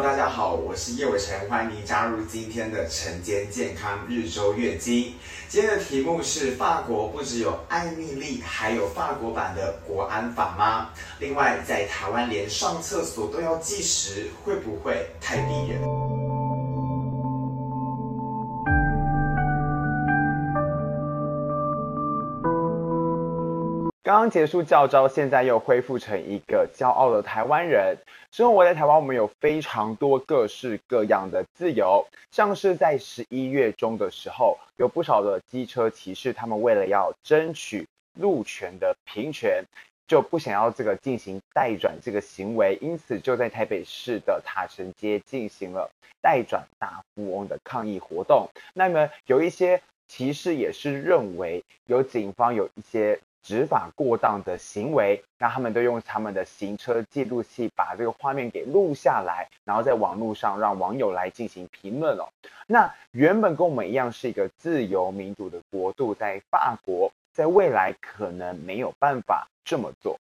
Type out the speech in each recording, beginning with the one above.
大家好，我是葉韋辰，歡迎您加入今天的辰間健康日周月經。今天的題目是：法國不只有艾蜜莉，還有法國版的國安法嗎？另外，在台灣連上廁所都要計時，會不會太逼人？剛剛結束教召，現在又恢復成一個驕傲的台灣人。生活在台灣，我們有非常多各式各樣的自由，像是在十一月中的時候，有不少的機車騎士，他們為了要爭取路權的平權，就不想要這個進行待轉這個行為，因此就在台北市的塔城街進行了待轉大富翁的抗議活動。那麼有一些騎士也是認為有警方有一些。執法過當的行為，那他們都用他們的行車記錄器把這個畫面給錄下來，然後在網絡上讓網友來進行評論哦。那原本跟我們一樣是一個自由民主的國度，在法國，在未來可能沒有辦法這麼做。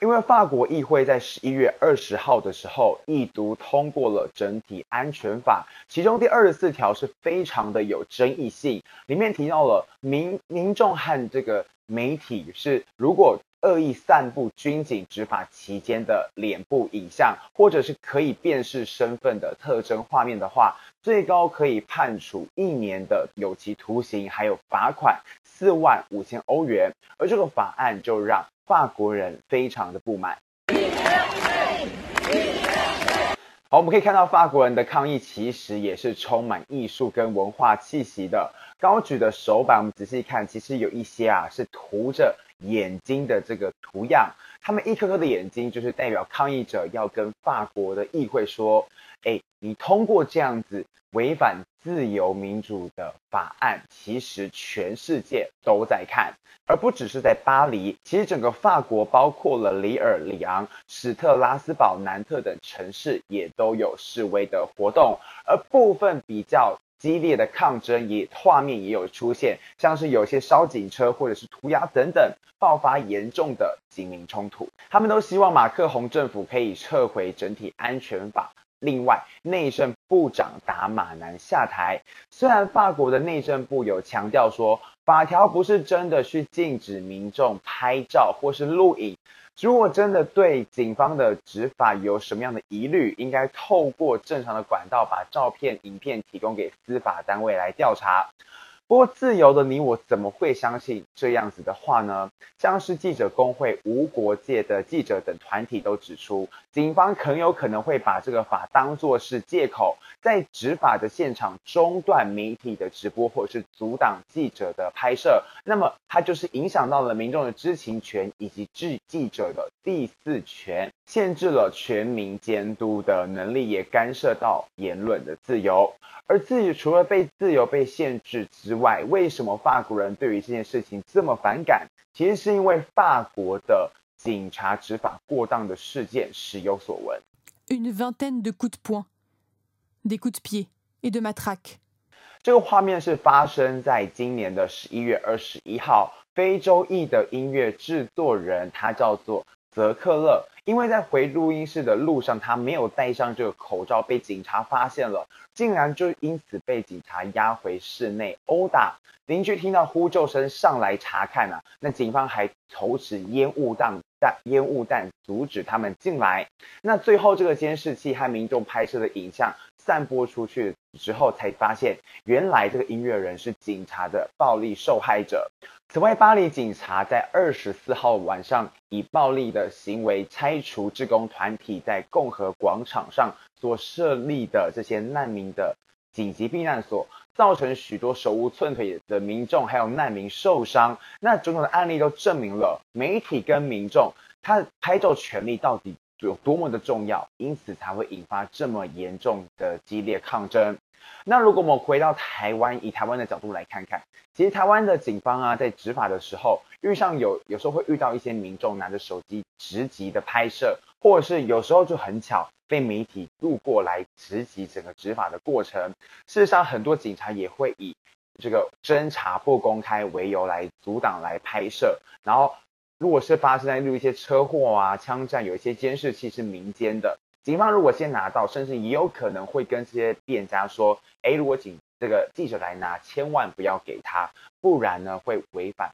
因為法國議會在十一月二十號的時候一讀通過了整體安全法，其中第二十四條是非常的有爭議性，裡面提到了民民眾和這個媒體是如果惡意散布軍警執法期間的臉部影像或者是可以辨識身份的特徵畫面的話，最高可以判處一年的有期徒刑，還有罰款四萬五千歐元。而這個法案就讓。法國人非常的不滿。好，我們可以看到法國人的抗議其實也是充滿藝術跟文化氣息的。高舉的手板，我們仔細看，其實有一些啊是塗着眼睛的這個圖樣。他們一顆顆的眼睛就是代表抗議者要跟法國的議會說：“哎，你通過這樣子違反。”自由民主的法案其實全世界都在看，而不只是在巴黎。其實整個法國，包括了裡爾、裡昂、史特拉斯堡、南特等城市，也都有示威的活動。而部分比較激烈的抗爭也，也畫面也有出現，像是有些燒警車或者是塗鴉等等，爆發嚴重的警民衝突。他們都希望馬克宏政府可以撤回整體安全法。另外，內政部長達馬南下台。雖然法國的內政部有強調說，法條不是真的去禁止民眾拍照或是錄影。如果真的對警方的執法有什麼樣的疑慮，應該透過正常的管道把照片、影片提供給司法單位來調查。不過，自由的你我怎麼會相信這樣子的話呢？像是記者工會、無國界的記者等團體都指出，警方很有可能會把這個法當作是借口，在執法的現場中斷媒體的直播，或者是阻擋記者的拍攝。那麼，它就是影響到了民眾的知情權，以及制記者的第四權，限制了全民監督的能力，也干涉到言論的自由。而自己除了被自由被限制之，為什麼法國人對於這件事情這麼反感？其實是因為法國的警察執法過當的事件，時有所聞。Une vingtaine de coups de poing, des coups de pied et de matraques。這個畫面是發生在今年的十一月二十一號。非洲裔的音樂製作人，他叫做。澤克勒，因為在回錄音室的路上，他沒有戴上這個口罩，被警察發現了，竟然就因此被警察押回室內毆打。鄰居聽到呼救聲，上來查看了，啊，那警方還投擲煙霧彈，彈煙霧彈阻止他們進來。那最後這個監視器和民眾拍攝的影像。散播出去之後，才發現原來這個音樂人是警察的暴力受害者。此外，巴黎警察在二十四號晚上以暴力的行為拆除志工團體在共和廣場上所設立的這些難民的緊急避難所，造成許多手無寸鐵的民眾還有難民受傷。那種種的案例都證明了媒體跟民眾他拍照權利到底。有多麼的重要，因此才會引發這麼嚴重的激烈抗爭。那如果我們回到台灣，以台灣的角度來看看，其實台灣的警方啊，在執法的時候，遇上有有時候會遇到一些民眾拿着手機直擊的拍攝，或者是有時候就很巧被媒體路過來直擊整個執法的過程。事實上，很多警察也會以這個偵查不公開為由來阻擋來拍攝，然後。如果是發生在路一些車禍啊、槍戰，有一些監視器是民間的，警方如果先拿到，甚至也有可能會跟這些店家說：“哎、欸，如果警這個記者來拿，千萬不要給他，不然呢會違反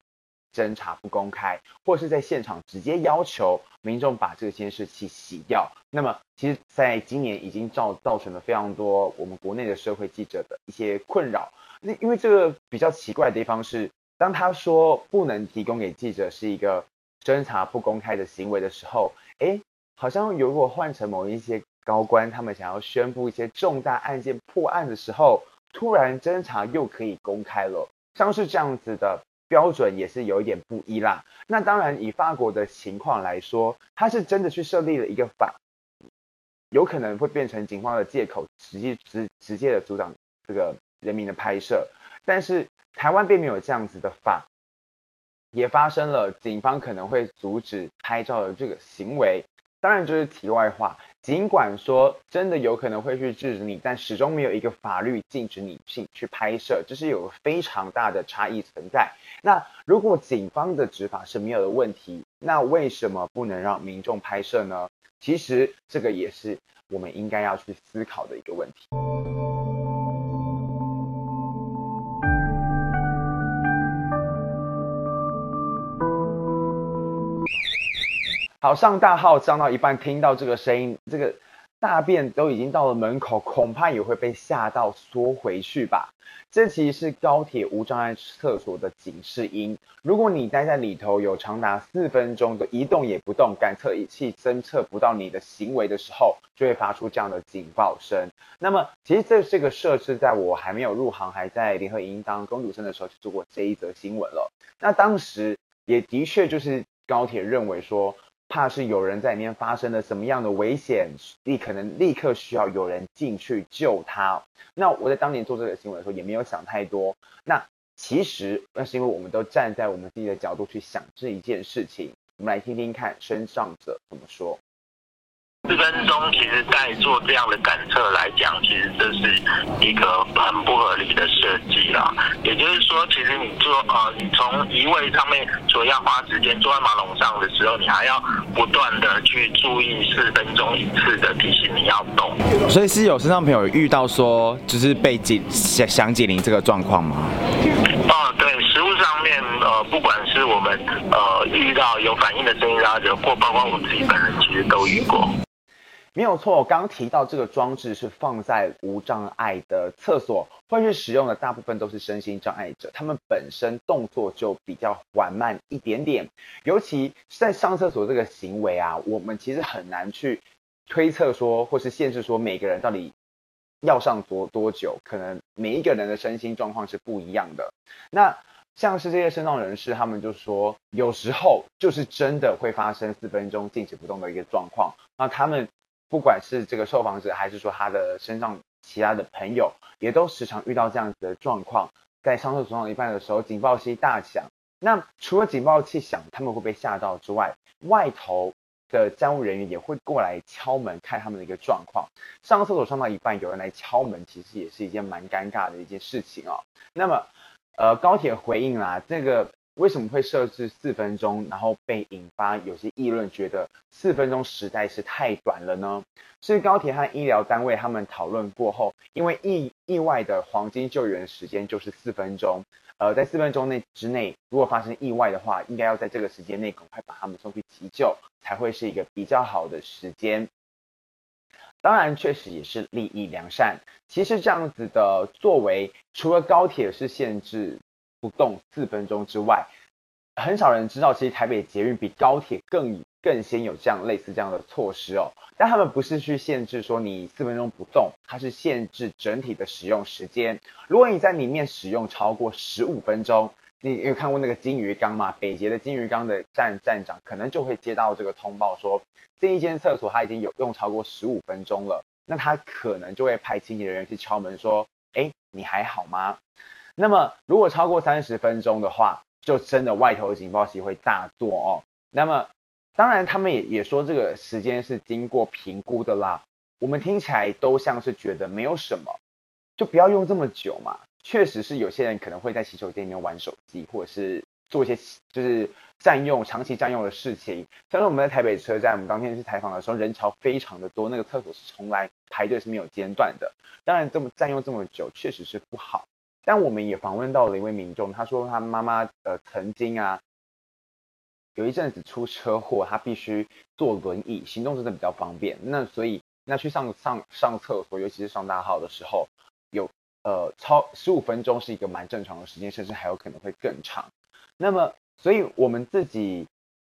偵查不公開，或是在現場直接要求民眾把這個監視器洗掉。”那麼，其實在今年已經造造成了非常多我們國內的社會記者的一些困擾。那因為這個比較奇怪的地方是，當他說不能提供給記者是一個，偵查不公開的行為的時候，哎、欸，好像如果換成某一些高官，他們想要宣布一些重大案件破案的時候，突然偵查又可以公開了，像是這樣子的標準也是有一點不一啦。那當然，以法國的情況來說，他是真的去設立了一個法，有可能會變成警方的借口，直接直直接的阻擋這個人民的拍攝，但是台灣並沒有這樣子的法。也發生了，警方可能會阻止拍照的這個行為，當然就是題外話。儘管說真的有可能會去制止你，但始終沒有一個法律禁止你去去拍攝，這是有非常大的差異存在。那如果警方的執法是沒有的問題，那為什麼不能讓民眾拍攝呢？其實這個也是我們應該要去思考的一個問題。早上大號上到一半，聽到這個聲音，這個大便都已經到了門口，恐怕也會被嚇到縮回去吧。這其實是高鐵無障礙廁所的警示音。如果你待在裡頭有長達四分鐘的一動也不動，感測儀器偵測不到你的行為的時候，就會發出這樣的警報聲。那麼其實這是個設置，在我還沒有入行，還在聯合影音當公主生的時候就做過這一則新聞了。那當時也的確就是高鐵認為說。怕是有人在裡面發生了什麼樣的危險，你可能立刻需要有人進去救他。那我在當年做這個新聞的時候，也沒有想太多。那其實，那是因為我們都站在我們自己的角度去想這一件事情。我們來聽聽看，身障者怎麼說。中，其實在做這樣的感測來講，其實這是一個很不合理的設計啦。也就是說，其實你做呃，你從移位上面所要花時間坐在馬桶上的時候，你還要不斷的去注意四分鐘一次的提醒你要動。所以是有身上朋友遇到說，就是被想響警鈴這個狀況嗎、嗯？哦，對，實務上面呃，不管是我們呃遇到有反應的聲音，啊，或者包括我自己本人，其實都遇過。沒有錯，我剛剛提到這個裝置是放在無障礙的廁所，會去使用的大部分都是身心障礙者，他們本身動作就比較緩慢一點點，尤其是在上廁所這個行為啊，我們其實很難去推測說或是限制說每個人到底要上多多久，可能每一個人的身心狀況是不一樣的。那像是這些身障人士，他們就說有時候就是真的會發生四分鐘靜止不動的一個狀況，那他們。不管是這個受訪者，還是說他的身上其他的朋友，也都時常遇到這樣子的狀況，在上廁所上到一半的時候，警報器大響。那除了警報器響，他們會被嚇到之外，外，外頭的站務人員也會過來敲門，看他們的一個狀況。上廁所上到一半，有人來敲門，其實也是一件蠻尷尬的一件事情哦。那麼，呃，高鐵回應啦、啊，這個。為什麼會設置四分鐘，然後被引發有些議論，覺得四分鐘實在是太短了呢？所以高鐵和醫療單位他們討論過後，因為意意外的黃金救援時間就是四分鐘，呃，在四分鐘內之內，如果發生意外的話，應該要在這個時間內趕快把他們送去急救，才會是一個比較好的時間。當然，確實也是立意良善。其實這樣子的作為，除了高鐵是限制。不動四分鐘之外，很少人知道，其實台北捷運比高鐵更以更先有這樣類似這樣的措施哦。但他們不是去限制說你四分鐘不動，它是限制整體的使用時間。如果你在裡面使用超過十五分鐘，你有看過那個金魚缸嘛？北捷的金魚缸的站站長可能就會接到這個通報說，說這一間廁所它已經有用超過十五分鐘了，那他可能就會派清潔人員去敲門說：“哎，你還好嗎？”那麼，如果超過三十分鐘的話，就真的外頭的警報器會大作哦。那麼，當然他們也也說這個時間是經過評估的啦。我們聽起來都像是覺得沒有什麼，就不要用這麼久嘛。確實是有些人可能會在洗手間裡面玩手機，或者是做一些就是佔用長期佔用的事情。像是我們在台北車站，我們當天去採訪的時候，人潮非常的多，那個廁所是從來排隊是沒有間斷的。當然，這麼佔用這麼久，確實是不好。但我們也訪問到了一位民眾，他說他媽媽呃曾經啊有一陣子出車禍，她必須坐輪椅，行動真的比較方便。那所以那去上上上廁所，尤其是上大號的時候，有呃超十五分鐘是一個蠻正常的時間，甚至還有可能會更長。那麼，所以我們自己。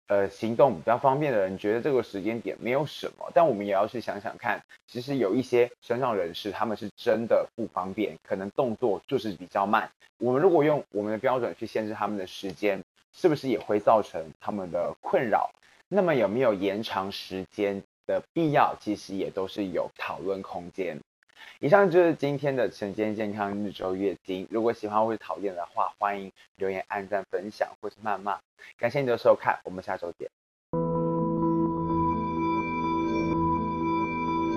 呃，行動比較方便的人覺得這個時間點沒有什麼，但我們也要去想想看，其實有一些身障人士，他們是真的不方便，可能動作就是比較慢。我們如果用我們的標準去限制他們的時間，是不是也會造成他們的困擾？那麼有沒有延長時間的必要，其實也都是有討論空間。以上就是今天的辰間健康、日周月經。如果喜歡或是討厭的話，歡迎留言、按讚、分享或是謾罵。感謝你的收看，我們下周見。